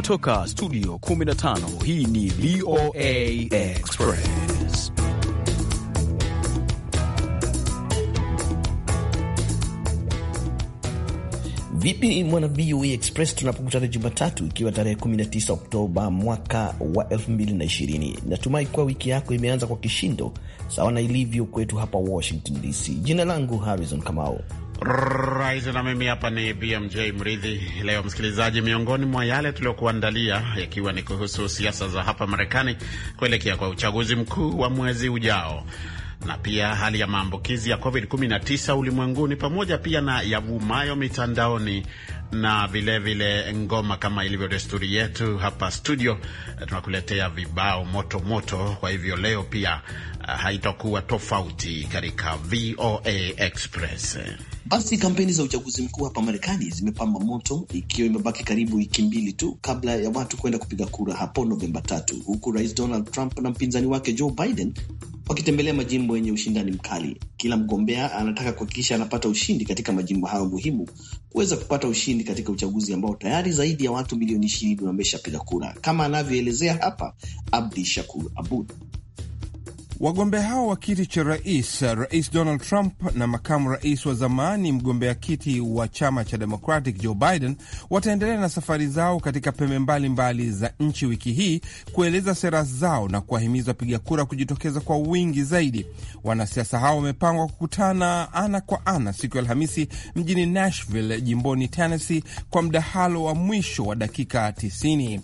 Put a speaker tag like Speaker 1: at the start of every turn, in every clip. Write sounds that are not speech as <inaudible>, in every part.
Speaker 1: Kutoka studio 15 hii ni VOA
Speaker 2: Express.
Speaker 1: Vipi mwana VOA Express, tunapokutana Jumatatu ikiwa tarehe 19 Oktoba mwaka wa 2020. Natumai kuwa wiki yako imeanza kwa kishindo sawa na ilivyo kwetu hapa Washington DC. Jina langu Harrison Kamau
Speaker 3: Rais na mimi hapa ni BMJ Mridhi. Leo msikilizaji, miongoni mwa yale tuliyokuandalia yakiwa ni kuhusu siasa za hapa Marekani kuelekea kwa uchaguzi mkuu wa mwezi ujao na pia hali ya maambukizi ya COVID-19 ulimwenguni pamoja pia na yavumayo mitandaoni na vilevile vile ngoma kama ilivyo desturi yetu hapa studio, tunakuletea vibao moto moto. Kwa hivyo leo pia eh, haitakuwa tofauti katika VOA Express.
Speaker 1: Basi kampeni za uchaguzi mkuu hapa Marekani zimepamba moto, ikiwa imebaki karibu wiki mbili tu kabla ya watu kwenda kupiga kura hapo Novemba tatu, huku Rais Donald Trump na mpinzani wake Joe Biden wakitembelea majimbo yenye ushindani mkali. Kila mgombea anataka kuhakikisha anapata ushindi katika majimbo hayo muhimu kuweza kupata ushindi katika uchaguzi ambao tayari zaidi ya
Speaker 4: watu milioni ishirini wameshapiga kura, kama anavyoelezea hapa Abdi Shakur Abud. Wagombea hao wa kiti cha rais, Rais Donald Trump na makamu rais wa zamani mgombea kiti wa chama cha Democratic Joe Biden wataendelea na safari zao katika pembe mbalimbali mbali za nchi wiki hii kueleza sera zao na kuwahimiza wapiga kura kujitokeza kwa wingi zaidi. Wanasiasa hao wamepangwa kukutana ana kwa ana siku ya Alhamisi mjini Nashville, jimboni Tennessee, kwa mdahalo wa mwisho wa dakika 90.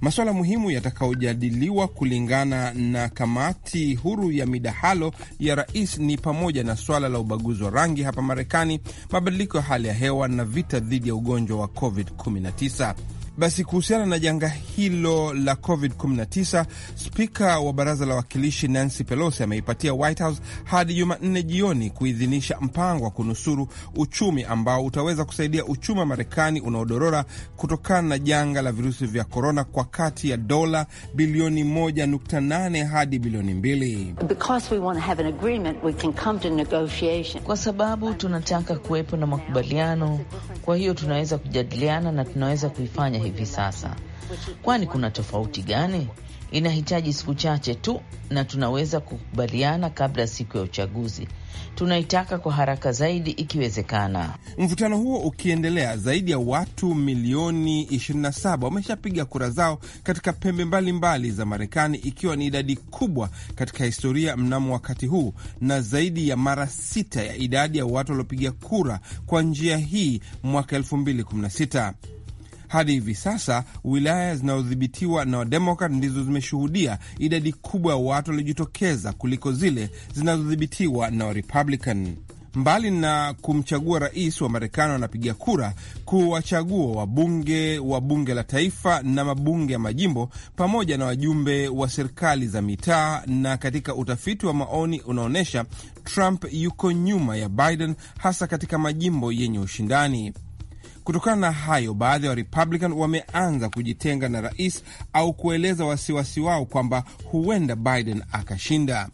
Speaker 4: Masuala muhimu yatakayojadiliwa kulingana na kamati huru ya midahalo ya rais ni pamoja na swala la ubaguzi wa rangi hapa Marekani, mabadiliko ya hali ya hewa na vita dhidi ya ugonjwa wa COVID-19. Basi kuhusiana na janga hilo la COVID-19, spika wa baraza la wawakilishi Nancy Pelosi ameipatia White House hadi Jumanne jioni kuidhinisha mpango wa kunusuru uchumi ambao utaweza kusaidia uchumi wa Marekani unaodorora kutokana na janga la virusi vya korona kwa kati ya dola bilioni 1.8 hadi bilioni
Speaker 5: 2, kwa sababu tunataka kuwepo na makubaliano. Kwa hiyo tunaweza kujadiliana na tunaweza kuifanya hivi sasa. Kwani kuna tofauti gani? Inahitaji siku chache tu na tunaweza kukubaliana kabla ya siku ya uchaguzi. Tunaitaka kwa haraka zaidi ikiwezekana.
Speaker 4: Mvutano huo ukiendelea, zaidi ya watu milioni 27 wameshapiga kura zao katika pembe mbalimbali mbali za Marekani, ikiwa ni idadi kubwa katika historia mnamo wakati huu na zaidi ya mara sita ya idadi ya watu waliopiga kura kwa njia hii mwaka 2016. Hadi hivi sasa wilaya zinazodhibitiwa na Wademokrat ndizo zimeshuhudia idadi kubwa ya watu waliojitokeza kuliko zile zinazodhibitiwa na Warepublican. Mbali na kumchagua rais wa Marekani, wanapiga kura kuwachagua wabunge wa bunge la taifa na mabunge ya majimbo pamoja na wajumbe wa serikali za mitaa. Na katika utafiti wa maoni unaonyesha Trump yuko nyuma ya Biden, hasa katika majimbo yenye ushindani. Kutokana na hayo, baadhi ya wa Republican wameanza kujitenga na rais au kueleza wasiwasi wao kwamba huenda Biden akashinda.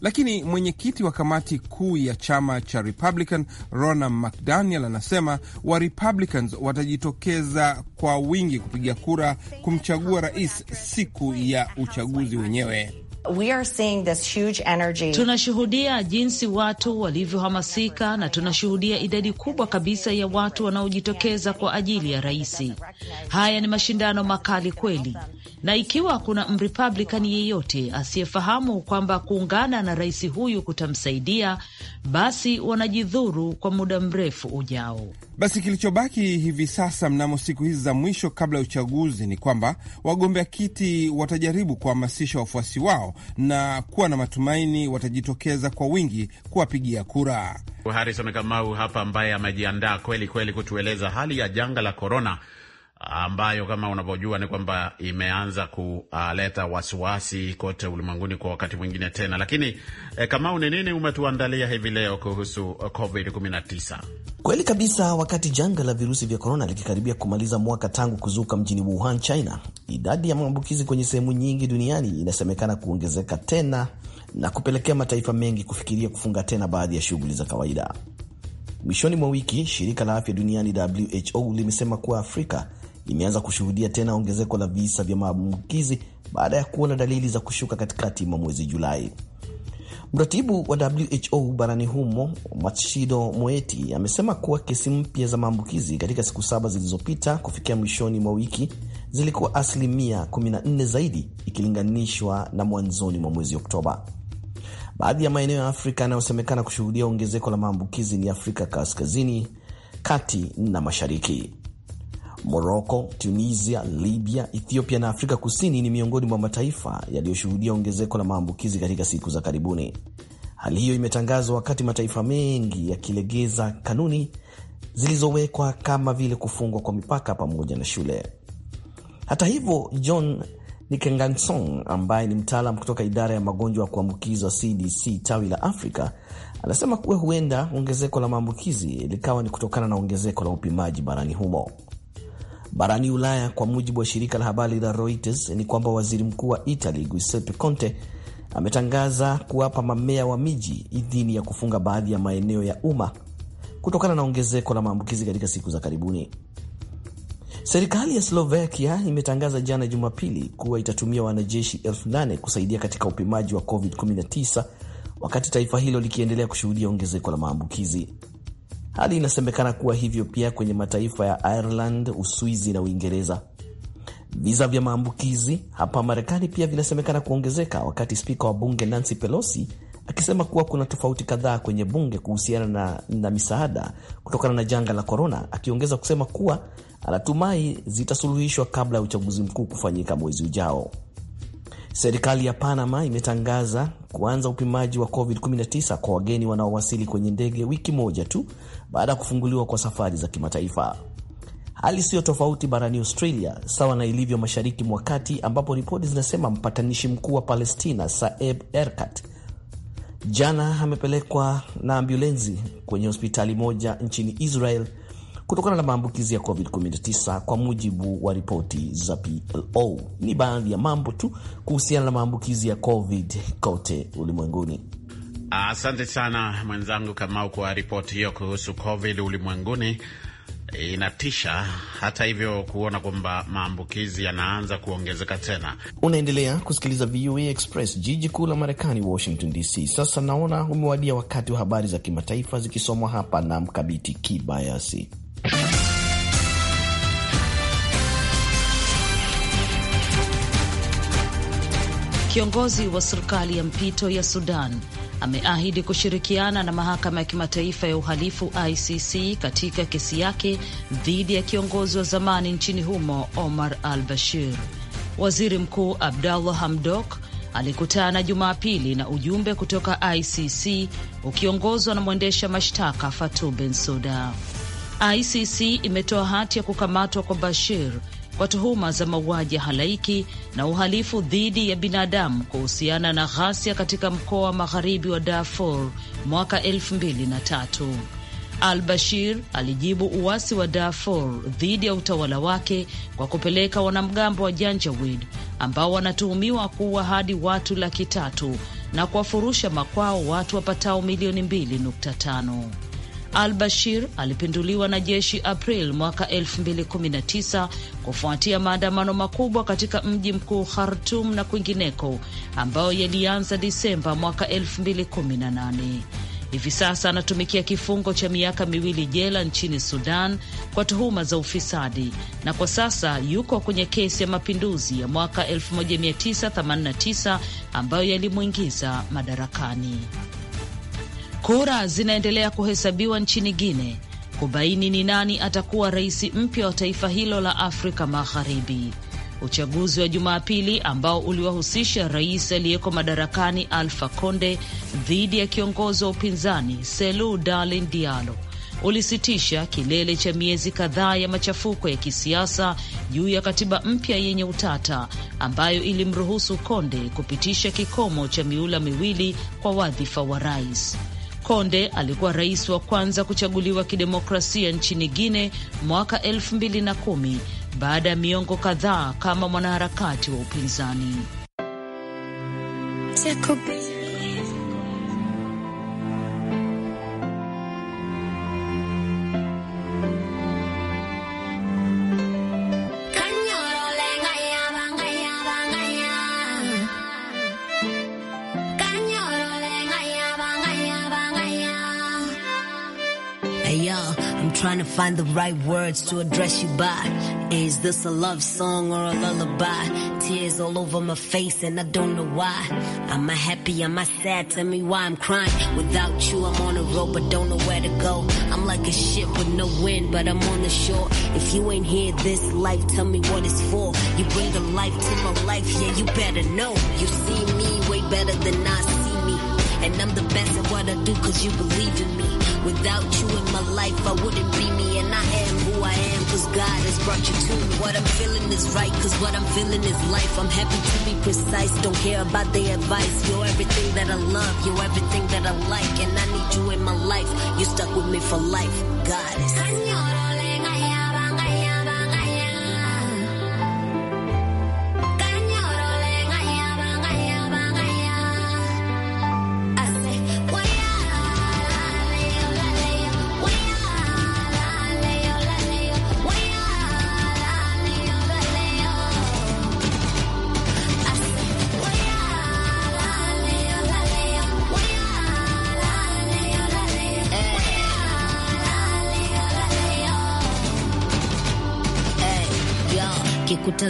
Speaker 4: Lakini mwenyekiti wa kamati kuu ya chama cha Republican Ronald McDaniel anasema wa Republicans watajitokeza kwa wingi kupiga kura kumchagua rais siku ya uchaguzi wenyewe. We
Speaker 5: are seeing this huge energy. Tunashuhudia jinsi watu walivyohamasika na tunashuhudia idadi kubwa kabisa ya watu wanaojitokeza kwa ajili ya rais. Haya ni mashindano makali kweli, na ikiwa kuna Mrepublican yeyote asiyefahamu kwamba kuungana na rais huyu kutamsaidia, basi wanajidhuru kwa muda mrefu ujao.
Speaker 4: Basi kilichobaki hivi sasa mnamo siku hizi za mwisho kabla ya uchaguzi ni kwamba wagombea kiti watajaribu kuhamasisha wafuasi wao na kuwa na matumaini watajitokeza kwa wingi kuwapigia kura.
Speaker 3: Harrison Kamau hapa ambaye amejiandaa kweli kweli kutueleza hali ya janga la korona ambayo kama unavyojua ni kwamba imeanza kuleta wasiwasi kote ulimwenguni kwa wakati mwingine tena. Lakini eh, Kamau, ni nini umetuandalia hivi leo kuhusu eh, COVID-19?
Speaker 1: Kweli kabisa, wakati janga la virusi vya korona likikaribia kumaliza mwaka tangu kuzuka mjini Wuhan, China, idadi ya maambukizi kwenye sehemu nyingi duniani inasemekana kuongezeka tena na kupelekea mataifa mengi kufikiria kufunga tena baadhi ya shughuli za kawaida. Mwishoni mwa wiki, shirika la afya duniani WHO limesema kuwa Afrika limeanza kushuhudia tena ongezeko la visa vya maambukizi baada ya kuona dalili za kushuka katikati mwa mwezi Julai. Mratibu wa WHO barani humo Matshidiso Moeti amesema kuwa kesi mpya za maambukizi katika siku saba zilizopita kufikia mwishoni mwa wiki zilikuwa asilimia 14 zaidi ikilinganishwa na mwanzoni mwa mwezi Oktoba. Baadhi ya maeneo ya Afrika yanayosemekana kushuhudia ongezeko la maambukizi ni Afrika Kaskazini, Kati na Mashariki. Moroko, Tunisia, Libya, Ethiopia na Afrika Kusini ni miongoni mwa mataifa yaliyoshuhudia ongezeko la maambukizi katika siku za karibuni. Hali hiyo imetangazwa wakati mataifa mengi yakilegeza kanuni zilizowekwa kama vile kufungwa kwa mipaka pamoja na shule. Hata hivyo, John nikenganson ambaye ni mtaalam kutoka idara ya magonjwa ya kuambukizwa CDC tawi la Afrika anasema kuwa huenda ongezeko la maambukizi likawa ni kutokana na ongezeko la upimaji barani humo barani Ulaya. Kwa mujibu wa shirika la habari la Reuters ni kwamba waziri mkuu wa Italy Giuseppe Conte ametangaza kuwapa mamea wa miji idhini ya kufunga baadhi ya maeneo ya umma kutokana na ongezeko la maambukizi katika siku za karibuni. Serikali ya Slovakia imetangaza jana Jumapili kuwa itatumia wanajeshi elfu nane kusaidia katika upimaji wa COVID-19 wakati taifa hilo likiendelea kushuhudia ongezeko la maambukizi. Hali inasemekana kuwa hivyo pia kwenye mataifa ya Ireland, Uswizi na Uingereza. Visa vya maambukizi hapa Marekani pia vinasemekana kuongezeka, wakati spika wa bunge Nancy Pelosi akisema kuwa kuna tofauti kadhaa kwenye bunge kuhusiana na, na misaada kutokana na janga la korona, akiongeza kusema kuwa anatumai zitasuluhishwa kabla ya uchaguzi mkuu kufanyika mwezi ujao. Serikali ya Panama imetangaza kuanza upimaji wa COVID-19 kwa wageni wanaowasili kwenye ndege wiki moja tu baada ya kufunguliwa kwa safari za kimataifa. Hali siyo tofauti barani Australia, sawa na ilivyo mashariki mwa kati, ambapo ripoti zinasema mpatanishi mkuu wa Palestina Saeb Erkat jana amepelekwa na ambulensi kwenye hospitali moja nchini Israel kutokana na maambukizi ya COVID-19 kwa mujibu wa ripoti za PLO. Ni baadhi ya mambo tu kuhusiana na maambukizi ya COVID kote ulimwenguni.
Speaker 3: Asante sana mwenzangu Kamau kwa ripoti hiyo kuhusu COVID ulimwenguni. Inatisha hata hivyo kuona kwamba maambukizi yanaanza kuongezeka tena.
Speaker 1: Unaendelea kusikiliza VOA Express, jiji kuu la Marekani, Washington DC. Sasa naona umewadia wakati wa habari za kimataifa zikisomwa hapa na Mkabiti Kibayasi.
Speaker 5: Kiongozi wa serikali ya mpito ya Sudan ameahidi kushirikiana na mahakama ya kimataifa ya uhalifu ICC katika kesi yake dhidi ya kiongozi wa zamani nchini humo Omar al Bashir. Waziri Mkuu Abdallah Hamdok alikutana Jumapili na ujumbe kutoka ICC ukiongozwa na mwendesha mashtaka Fatou Bensouda. ICC imetoa hati ya kukamatwa kwa Bashir kwa tuhuma za mauaji ya halaiki na uhalifu dhidi ya binadamu kuhusiana na ghasia katika mkoa wa magharibi wa Darfur mwaka 2003. Al-Bashir alijibu uasi wa Darfur dhidi ya utawala wake kwa kupeleka wanamgambo wa Janjaweed ambao wanatuhumiwa kuua hadi watu laki tatu na kuwafurusha makwao watu wapatao milioni 2.5. Al Bashir alipinduliwa na jeshi April mwaka 2019 kufuatia maandamano makubwa katika mji mkuu Khartum na kwingineko ambayo yalianza Disemba mwaka 2018. Hivi sasa anatumikia kifungo cha miaka miwili jela nchini Sudan kwa tuhuma za ufisadi, na kwa sasa yuko kwenye kesi ya mapinduzi ya mwaka 1989 ambayo yalimwingiza madarakani. Kura zinaendelea kuhesabiwa nchini Guinea kubaini ni nani atakuwa rais mpya wa taifa hilo la Afrika Magharibi. Uchaguzi wa Jumapili ambao uliwahusisha rais aliyeko madarakani Alpha Conde dhidi ya kiongozi wa upinzani Selu Darlin dialo ulisitisha kilele cha miezi kadhaa ya machafuko ya kisiasa juu ya katiba mpya yenye utata ambayo ilimruhusu Konde kupitisha kikomo cha miula miwili kwa wadhifa wa rais. Konde alikuwa rais wa kwanza kuchaguliwa kidemokrasia nchini Guine mwaka elfu mbili na kumi baada ya miongo kadhaa kama mwanaharakati wa upinzani.
Speaker 6: trying to find the right words to address you by. Is this a love song or a lullaby? Tears all over my face and I don't know why. Am I happy? Am I sad? Tell me why I'm crying. Without you, I'm on a road but don't know where to go. I'm like a ship with no wind but I'm on the shore. If you ain't here this life, tell me what it's for. You bring the life to my life, yeah, you better know. You see me way better than I see and I'm the best at what I do cause you believe in me. Without you in my life, I wouldn't be me. And I am who I am cause God has brought you to me. What I'm feeling is right cause what I'm feeling is life. I'm happy to be precise, don't care about the advice. You're everything that I love, you're everything that I like. And I need you in my life. You stuck with me for life, God. Is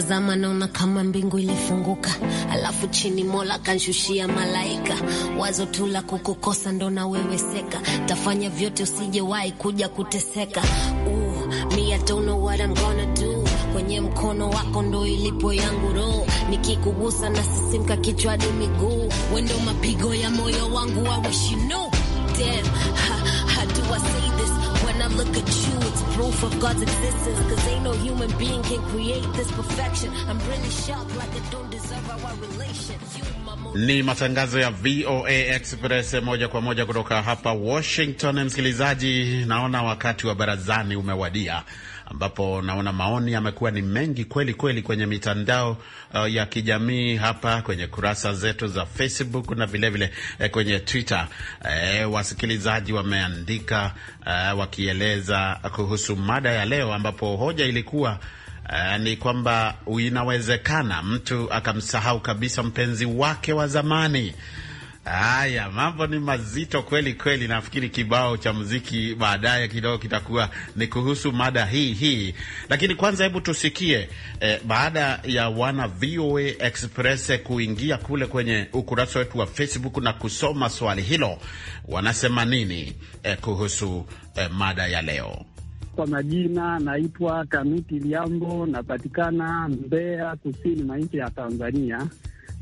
Speaker 6: nikitazama naona kama mbingu ilifunguka, alafu chini Mola kanshushia malaika. Wazo tu la kukukosa ndo naweweseka, tafanya vyote usijewahi kuja kuteseka. Ooh, me I don't know what I'm gonna do. Kwenye mkono wako ndo ilipo yangu roho, nikikugusa na kichwa hadi miguu, wendo mapigo ya moyo wangu waweshino room for God's existence. Cause ain't no human being can create this perfection. I'm really shocked like I don't deserve our relation. You
Speaker 3: Ni matangazo ya VOA Express moja kwa moja kutoka hapa Washington. Msikilizaji, naona wakati wa barazani umewadia, ambapo naona maoni yamekuwa ni mengi kweli kweli kwenye mitandao uh, ya kijamii hapa kwenye kurasa zetu za Facebook na vilevile eh, kwenye Twitter. Eh, wasikilizaji wameandika eh, wakieleza kuhusu mada ya leo, ambapo hoja ilikuwa uh, ni kwamba inawezekana mtu akamsahau kabisa mpenzi wake wa zamani. Haya, mambo ni mazito kweli kweli. Nafikiri kibao cha muziki baadaye kidogo kitakuwa ni kuhusu mada hii hii, lakini kwanza, hebu tusikie eh, baada ya wana VOA Express kuingia kule kwenye ukurasa wetu wa Facebook na kusoma swali hilo, wanasema nini eh, kuhusu eh, mada ya leo
Speaker 7: kwa majina, naitwa Kamiti Liambo, napatikana Mbeya, kusini mwa nchi ya Tanzania.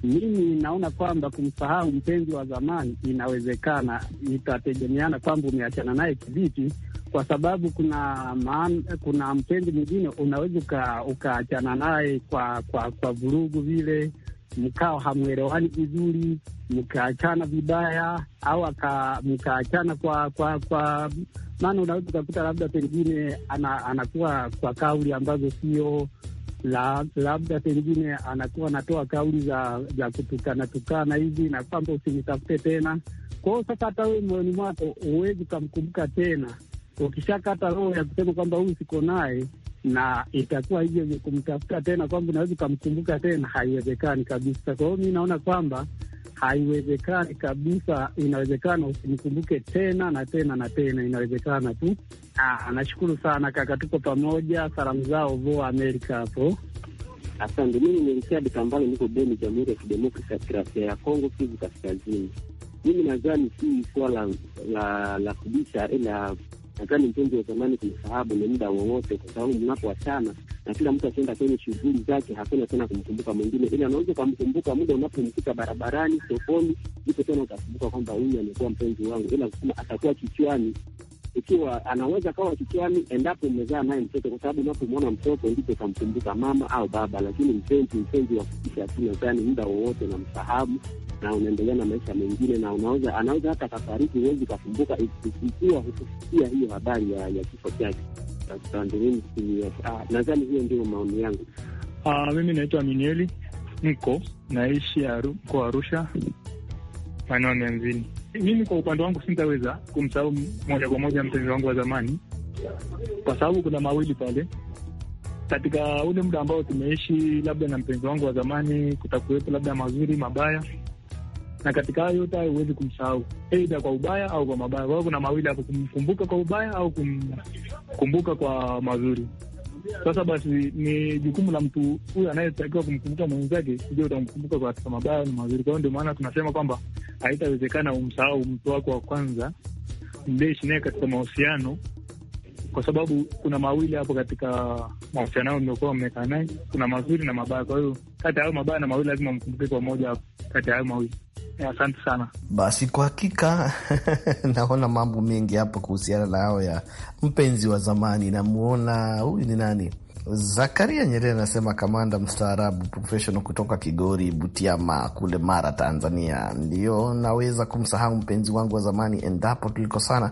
Speaker 7: Mimi naona kwamba kumsahau mpenzi wa zamani inawezekana, itategemeana kwamba umeachana naye kivipi, kwa sababu kuna man, kuna mpenzi mwingine unaweza ukaachana naye kwa kwa kwa vurugu vile mkao hamwelewani vizuri, mkaachana vibaya, au mkaachana kwa kwa kwa maana unaweza ukakuta labda pengine ana, anakuwa kwa kauli ambazo sio la, labda pengine anakuwa anatoa kauli za za kutukana tukana hivi na kwamba usinitafute tena. Kwa hiyo sasa hata wewe moyoni mwako huwezi ukamkumbuka tena, ukishakata roho ya kusema kwamba huyu siko naye na itakuwa hivyo kumtafuta tena kwamba unaweza ukamkumbuka tena, haiwezekani kabisa. Kwa hiyo mi naona kwamba haiwezekani kabisa. Inawezekana usimkumbuke tena na tena na tena, inawezekana tu. Ah, nashukuru sana kaka, tuko pamoja. Salamu zao VOA Amerika hapo. Asante. Mimi ni Richard Kambale, niko Beni, Jamhuri ya Kidemokrasia ya Kirasia ya Kongo, Kivu Kaskazini. Mimi nadhani si swala la la kubisha, ila nadhani mpenzi wa zamani kumsahabu ni muda wowote, kwa sababu mnapoachana na kila mtu akienda kwenye shughuli zake, hakuna tena kumkumbuka mwingine, ili anaweza ukamkumbuka muda unapomkuta barabarani, sokoni, ipo tena utakumbuka kwamba huyu amekuwa mpenzi wangu, ila kusema atakuwa kichwani ikiwa anaweza kawa kichwani endapo umezaa naye mtoto, kwa sababu unapomwona mtoto ndipo utamkumbuka mama au baba. Lakini mpenzi, mpenzi wa kuisha hatuna, yaani muda wowote unamsahabu na unaendelea na maisha mengine, na unaweza anaweza hata akafariki, huwezi ukakumbuka ikiwa hukusikia hiyo habari ya, ya kifo chake asante. Mimi ah, nadhani hiyo ndio maoni yangu. Ah, mimi naitwa Minieli, niko naishi mkoa Arusha, maeneo mianzini. Mimi kwa upande wangu sintaweza kumsahau moja kwa moja mpenzi wangu wa zamani, kwa sababu kuna mawili pale katika ule muda ambao tumeishi labda na mpenzi wangu wa zamani, kutakuwepo labda mazuri, mabaya na katika hayo yote hayo huwezi kumsahau aidha kwa ubaya au kwa mabaya. Kwa hiyo kuna mawili hapo, kumkumbuka kwa ubaya au kumkumbuka kwa mazuri. Sasa basi ni jukumu la mtu huyu anayetakiwa kumkumbuka mwenzake, sijui utamkumbuka kwa katika mabaya na mazuri. Kwa hiyo ndio maana tunasema kwamba haitawezekana umsahau mtu wako wa kwanza, mdeishi naye katika mahusiano, kwa sababu kuna mawili hapo katika mahusiano ao mliokuwa mmekaa naye, kuna mazuri na mabaya. Kwa hiyo kati ya hayo mabaya na mawili lazima mkumbuke kwa moja hapo kati ya hayo mawili. Asante sana.
Speaker 1: Basi kwa hakika <laughs> naona mambo mengi hapo kuhusiana na hao ya mpenzi wa zamani. Namuona huyu ni nani? Zakaria Nyerere anasema kamanda mstaarabu professional kutoka Kigori Butiama kule Mara, Tanzania. ndio naweza kumsahau mpenzi wangu wa zamani endapo tulikosana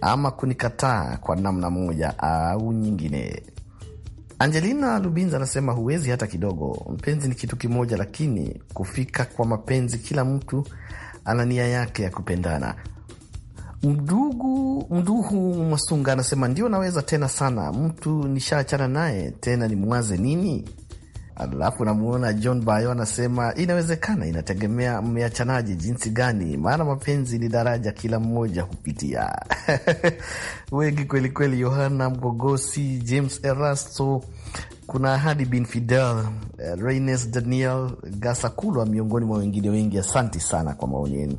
Speaker 1: ama kunikataa kwa namna moja au nyingine. Angelina Lubinza anasema huwezi hata kidogo. Mpenzi ni kitu kimoja, lakini kufika kwa mapenzi, kila mtu ana nia yake ya kupendana. Mdugu Mduhu Masunga anasema ndio, naweza tena sana, mtu nishaachana naye tena nimwaze nini? Alafu namuona John Bayo anasema inawezekana, inategemea mmeachanaje, jinsi gani, maana mapenzi ni daraja, kila mmoja hupitia <laughs> wengi kwelikweli. Yohana Mgogosi, James Erasto, kuna Ahadi bin Fidel, eh, Reines Daniel Gasakulwa, miongoni mwa wengine wengi. Asante sana kwa maoni
Speaker 3: yenu.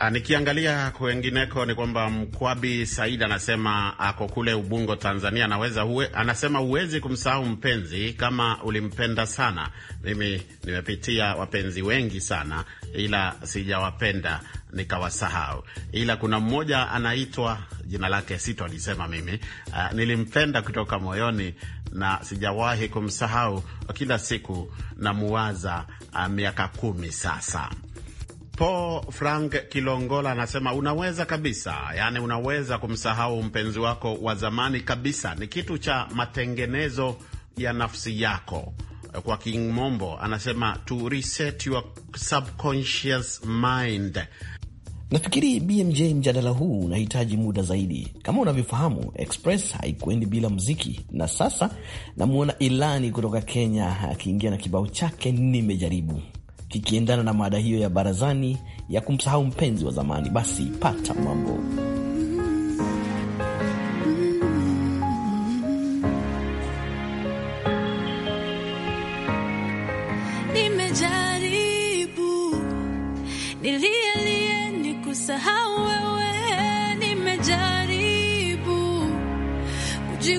Speaker 3: Ah, nikiangalia kwengineko ni kwamba Mkwabi Said anasema ako kule Ubungo, Tanzania. Anaweza uwe, anasema huwezi kumsahau mpenzi kama ulimpenda sana. Mimi nimepitia wapenzi wengi sana, ila sijawapenda nikawasahau, ila kuna mmoja anaitwa jina lake sito alisema mimi uh, nilimpenda kutoka moyoni na sijawahi kumsahau, kila siku namuwaza uh, ah, miaka kumi sasa. Paul Frank Kilongola anasema unaweza kabisa, yaani unaweza kumsahau mpenzi wako wa zamani kabisa. Ni kitu cha matengenezo ya nafsi yako. Kwa kimombo anasema to reset your subconscious mind.
Speaker 1: Nafikiri BMJ, mjadala huu unahitaji muda zaidi. Kama unavyofahamu, Express haikwendi bila muziki, na sasa namwona Ilani kutoka Kenya akiingia na kibao chake nimejaribu kikiendana na mada hiyo ya barazani ya kumsahau mpenzi wa zamani. Basi pata mambo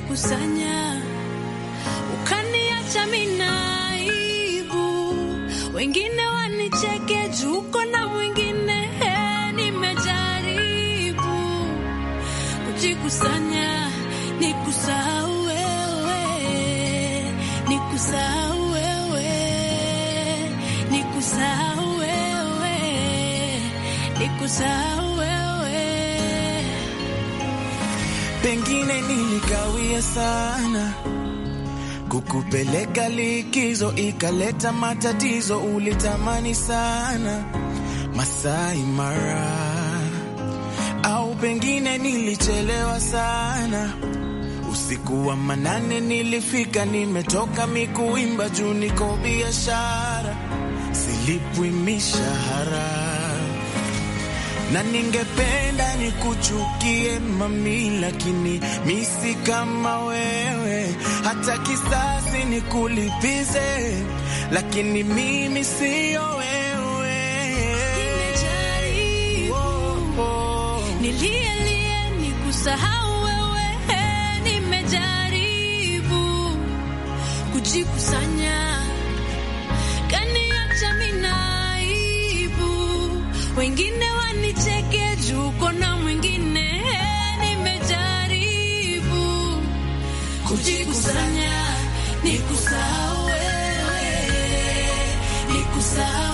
Speaker 8: kusanya
Speaker 9: niligawia sana kukupeleka likizo, ikaleta matatizo. Ulitamani sana Masai Mara, au pengine nilichelewa sana. Usiku wa manane nilifika, nimetoka mikuimba juu, niko biashara, silipwi mishahara na ningependa nikuchukie mami, lakini misi kama wewe, hata kisasi nikulipize, lakini mimi siyo wewe. Nimejaribu
Speaker 8: oh, oh, nilielie nikusahau wewe, nimejaribu kujikusanya wengine wanicheke juu kona mwingine. Nimejaribu kujikusanya nikusahau wewe, nikusahau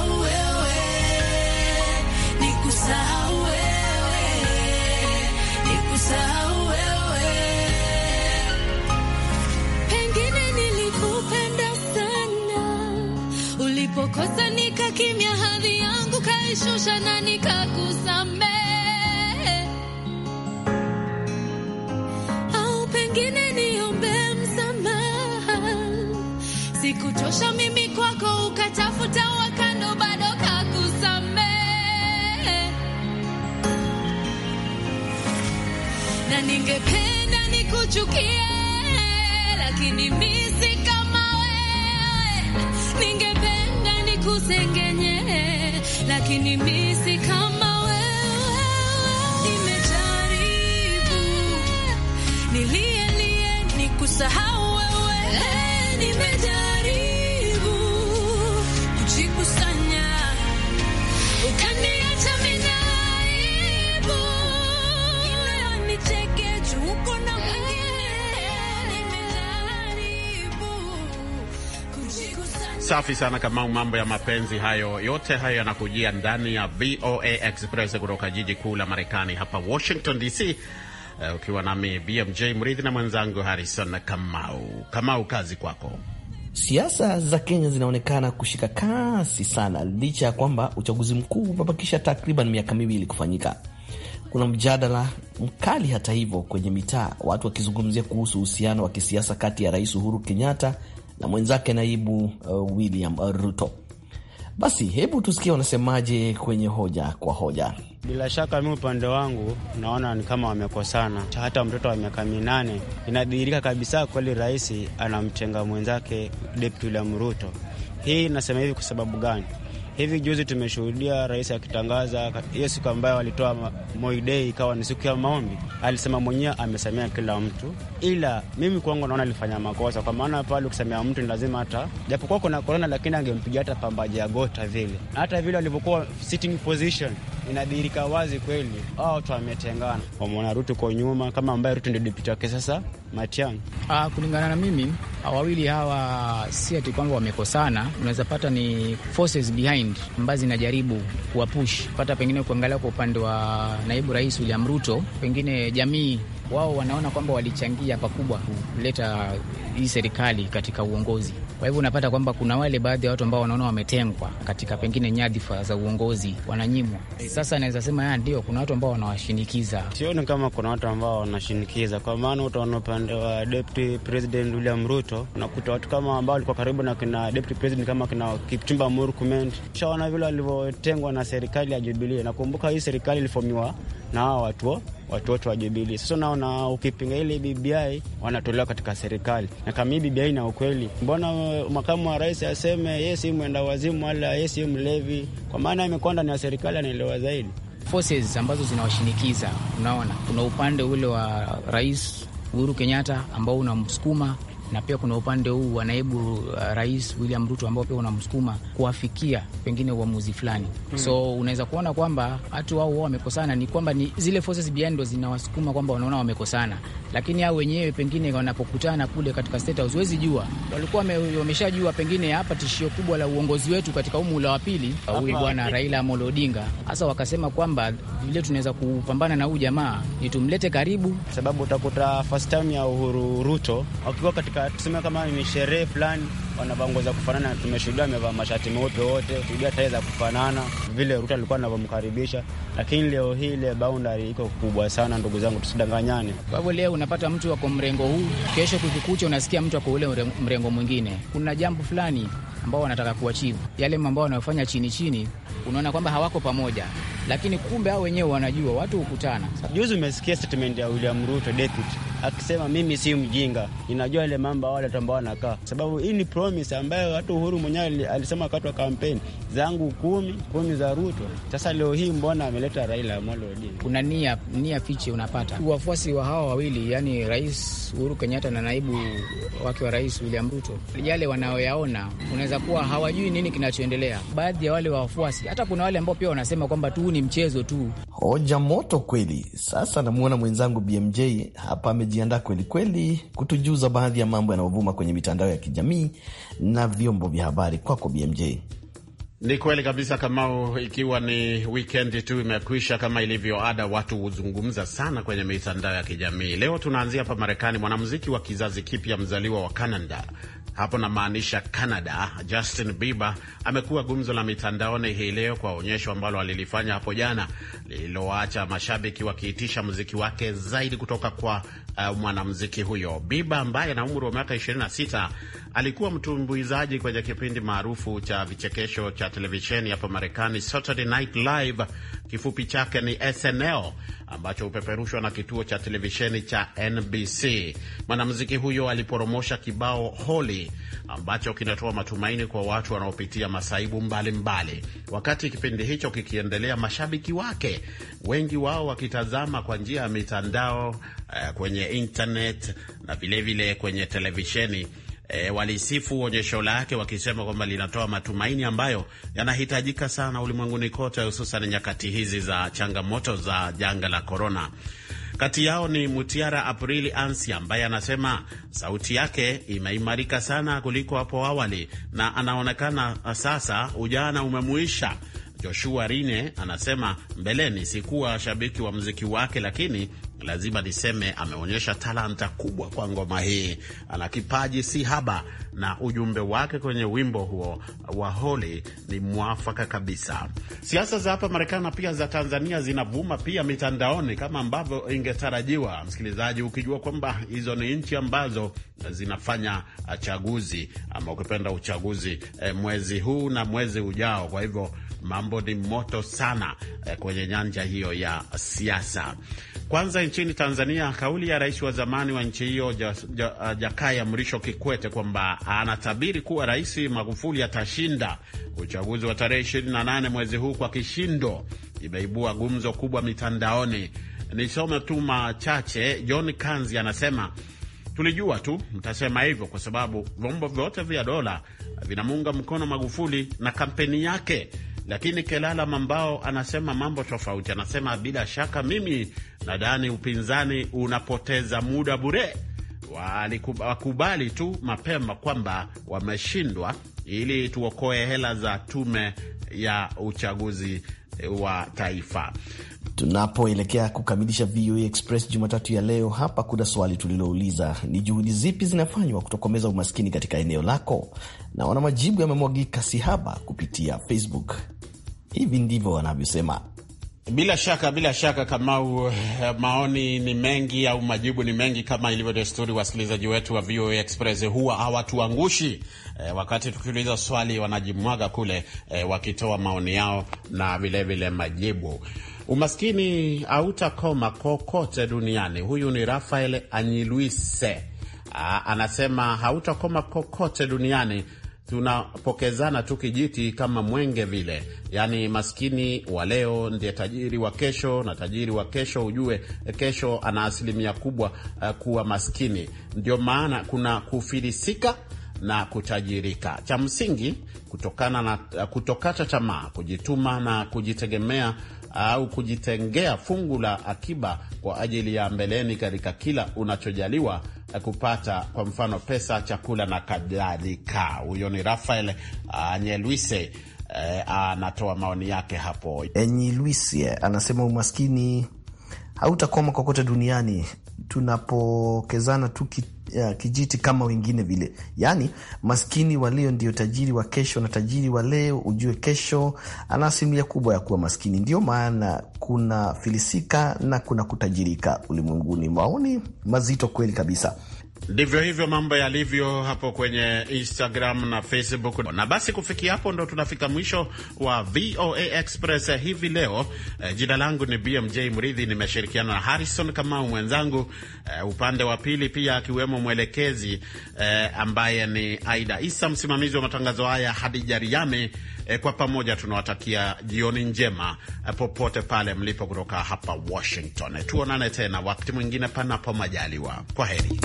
Speaker 3: Safi sana kama mambo ya mapenzi hayo yote hayo yanakujia ndani ya VOA Express kutoka jiji kuu la Marekani hapa Washington DC, Uh, eh, ukiwa nami BMJ Mridhi na mwenzangu Harrison Kamau. Kamau, kazi kwako. Siasa
Speaker 1: za Kenya zinaonekana kushika kasi sana, licha ya kwamba uchaguzi mkuu umebakisha takriban miaka miwili kufanyika. Kuna mjadala mkali hata hivyo kwenye mitaa, watu wakizungumzia kuhusu uhusiano wa kisiasa kati ya Rais Uhuru Kenyatta na mwenzake naibu uh, William uh, Ruto. Basi hebu tusikie wanasemaje kwenye hoja kwa hoja.
Speaker 9: Bila shaka mi upande wangu naona ni kama wamekosana. Hata mtoto wa miaka minane inadhihirika kabisa kweli rais anamtenga mwenzake Deputy William Ruto. Hii nasema hivi kwa sababu gani? Hivi juzi tumeshuhudia rais akitangaza hiyo siku ambayo alitoa Moi Day ikawa ni siku ya maombi. Alisema mwenyewe amesamea kila mtu, ila mimi kwangu naona alifanya makosa, kwa maana pale ukisamea mtu ni lazima hata, japokuwa kuna korona, lakini angempiga hata pambaja ya gota vile, hata vile alivyokuwa sitting position inadhihirika wazi kweli hao watu wametengana, wamona Ruto kwa nyuma, kama ambaye Ruto ndio dipiti wake sasa Matiang'i. Ah, kulingana na mimi wawili hawa si ati kwamba
Speaker 2: wamekosana, unaweza pata ni forces behind ambazo zinajaribu kuwapush, pata pengine kuangalia kwa upande wa naibu rais William Ruto, pengine jamii wao wanaona kwamba walichangia pakubwa kuleta hii serikali katika uongozi kwa hivyo unapata kwamba kuna wale baadhi ya watu ambao wanaona wametengwa katika pengine nyadhifa za uongozi, wananyimwa. Sasa naweza sema ndio, kuna watu ambao wanawashinikiza.
Speaker 9: Sioni kama kuna watu ambao wanashinikiza, kwa maana utaona upande wa Deputy President William Ruto, unakuta watu kama ambao walikuwa karibu na kina Deputy President kama kina Kipchumba Murkomen, shaona vile walivyotengwa na serikali ya Jubilee. Nakumbuka hii serikali ilifomiwa na hawa watu wote wa Jubilii. Sasa unaona, ukipinga ile BBI wanatolewa katika serikali, na kama hii BBI na ukweli, mbona makamu wa rais aseme yeye si mwenda wazimu wala yeye si mlevi? Kwa maana imekuwa ndani ya serikali, anaelewa zaidi forces ambazo zinawashinikiza. Unaona, kuna upande ule wa rais
Speaker 2: Uhuru Kenyatta ambao unamsukuma na pia kuna upande huu wa naibu uh, rais William Ruto ambao pia unamsukuma kuwafikia pengine uamuzi fulani mm. So unaweza kuona kwamba hatu wao wamekosana, ni kwamba ni zile forces behind ndo zinawasukuma kwamba wanaona wamekosana, lakini hao wenyewe pengine wanapokutana kule katika state house, huwezi jua walikuwa wameshajua pengine hapa tishio kubwa la uongozi wetu katika umula wa pili huyu bwana Raila Amolo Odinga, hasa wakasema kwamba vile tunaweza kupambana na huu jamaa ni tumlete karibu, sababu utakuta first
Speaker 9: time ya Uhuru Ruto wakiwa katika tunataka tuseme kama ni sherehe fulani wanavaa nguo za kufanana. Tumeshuhudia amevaa mashati meupe wote, tumeshuhudia tai za kufanana vile Ruto alikuwa anavyomkaribisha, lakini leo hii ile boundary iko kubwa sana, ndugu zangu, tusidanganyane. Kwa hivyo leo unapata mtu
Speaker 2: ako mrengo huu, kesho kukikucha unasikia mtu ako ule mrengo mwingine. Kuna jambo fulani ambao wanataka kuachivu, yale mambo wanayofanya chini chini, unaona kwamba hawako pamoja lakini kumbe hao wenyewe wanajua, watu hukutana.
Speaker 9: Juzi umesikia statement ya William Ruto deputy akisema mimi si mjinga, ninajua ile mambo wale watu ambao wanakaa, sababu hii ni pro promise ambayo hata Uhuru mwenyewe alisema wakati wa kampeni, zangu kumi kumi za Ruto. Sasa leo hii mbona ameleta Raila Amolo Odinga? Kuna nia nia fiche, unapata wafuasi wa hawa wawili, yani
Speaker 2: Rais Uhuru Kenyatta na naibu wake wa rais William Ruto, yale wanaoyaona unaweza kuwa hawajui nini kinachoendelea. Baadhi ya wale wafuasi, hata kuna wale ambao pia wanasema kwamba tu ni
Speaker 1: mchezo tu. Hoja moto kweli. Sasa namwona mwenzangu BMJ hapa amejiandaa kwelikweli kutujuza baadhi ya mambo yanayovuma kwenye mitandao ya kijamii na vyombo vya habari. Kwako BMJ.
Speaker 3: Ni kweli kabisa Kamau, ikiwa ni wikendi tu imekwisha, kama ilivyo ada, watu huzungumza sana kwenye mitandao ya kijamii. Leo tunaanzia hapa Marekani. Mwanamuziki wa kizazi kipya mzaliwa wa Canada, hapo namaanisha Canada, Justin Bieber amekuwa gumzo la mitandaoni hii leo kwa onyesho ambalo alilifanya hapo jana lililoacha mashabiki wakiitisha muziki wake zaidi kutoka kwa uh, eh, mwanamziki huyo Biba ambaye na umri wa miaka 26 alikuwa mtumbuizaji kwenye kipindi maarufu cha vichekesho cha televisheni hapa Marekani, Saturday Night Live, kifupi chake ni SNL, ambacho hupeperushwa na kituo cha televisheni cha NBC. mwanamziki huyo aliporomosha kibao Holy ambacho kinatoa matumaini kwa watu wanaopitia masaibu mbalimbali mbali. Wakati kipindi hicho kikiendelea, mashabiki wake wengi wao wakitazama kwa njia ya mitandao uh, kwenye internet na vilevile vile kwenye televisheni E, walisifu onyesho lake wakisema kwamba linatoa matumaini ambayo yanahitajika sana ulimwenguni kote, hususan nyakati hizi za changamoto za janga la korona. Kati yao ni Mutiara Aprili Ansi ambaye anasema sauti yake imeimarika sana kuliko hapo awali na anaonekana sasa ujana umemuisha. Joshua Rine anasema mbeleni sikuwa shabiki wa mziki wake, lakini lazima niseme ameonyesha talanta kubwa kwa ngoma hii. Ana kipaji si haba, na ujumbe wake kwenye wimbo huo wa Holi ni mwafaka kabisa. Siasa za hapa Marekani na pia za Tanzania zinavuma pia mitandaoni kama ambavyo ingetarajiwa, msikilizaji, ukijua kwamba hizo ni nchi ambazo zinafanya chaguzi ama ukipenda uchaguzi e, mwezi huu na mwezi ujao. Kwa hivyo mambo ni moto sana e, kwenye nyanja hiyo ya siasa. Kwanza nchini Tanzania, kauli ya rais wa zamani wa nchi hiyo Jakaya Mrisho Kikwete kwamba anatabiri kuwa Rais Magufuli atashinda uchaguzi wa tarehe 28 mwezi huu kwa kishindo imeibua gumzo kubwa mitandaoni. Nisome tu machache. John Kanzi anasema tulijua tu mtasema hivyo kwa sababu vyombo vyote vya dola vinamuunga mkono Magufuli na kampeni yake lakini Kelala Mambao anasema mambo tofauti. Anasema bila shaka, mimi nadhani upinzani unapoteza muda bure, wakubali tu mapema kwamba wameshindwa, ili tuokoe hela za tume ya uchaguzi wa taifa.
Speaker 1: Tunapoelekea kukamilisha VOA Express Jumatatu ya leo, hapa kuna swali tulilouliza: ni juhudi zipi zinafanywa kutokomeza umaskini katika eneo lako? Naona majibu yamemwagika sihaba kupitia Facebook. Hivi ndivyo wanavyosema.
Speaker 3: Bila shaka bila shaka, Kamau, eh, maoni ni mengi au majibu ni mengi. Kama ilivyo desturi, wasikilizaji wetu wa VOA Express huwa hawatuangushi. E, wakati tukiuliza swali wanajimwaga kule, e, wakitoa maoni yao na vilevile majibu. Umaskini hautakoma kokote duniani. Huyu ni Rafael Anyiluise, ah, anasema hautakoma kokote duniani tunapokezana tu kijiti kama mwenge vile, yaani maskini wa leo ndiye tajiri wa kesho, na tajiri wa kesho ujue kesho ana asilimia kubwa uh, kuwa maskini. Ndio maana kuna kufilisika na kutajirika. Cha msingi kutokana na eh, kutokata tamaa, kujituma na kujitegemea au kujitengea fungu la akiba kwa ajili ya mbeleni katika kila unachojaliwa Eh, kupata kwa mfano pesa, chakula na kadhalika. Huyo ni Rafael Anyelwise. Eh, eh, anatoa maoni yake hapo.
Speaker 1: Enyilwisi anasema umaskini hautakoma kokote duniani tunapokezana tu kijiti kama wengine vile, yaani maskini wa leo ndio tajiri wa kesho, na tajiri wa leo ujue kesho ana asilimia kubwa ya kuwa maskini. Ndio maana kuna filisika na kuna kutajirika ulimwenguni. Maoni mazito kweli
Speaker 3: kabisa. Ndivyo hivyo mambo yalivyo hapo kwenye Instagram na Facebook. Na basi kufikia hapo ndo tunafika mwisho wa VOA Express hivi leo. E, jina langu ni BMJ Mridhi, nimeshirikiana na Harrison Kamau mwenzangu, e, upande wa pili pia akiwemo mwelekezi e, ambaye ni Aida Isa, msimamizi wa matangazo haya Hadija Riami. E, kwa pamoja tunawatakia jioni njema e, popote pale mlipo kutoka hapa Washington. E, Tuonane tena wakati mwingine, panapo majaliwa. Kwa heri.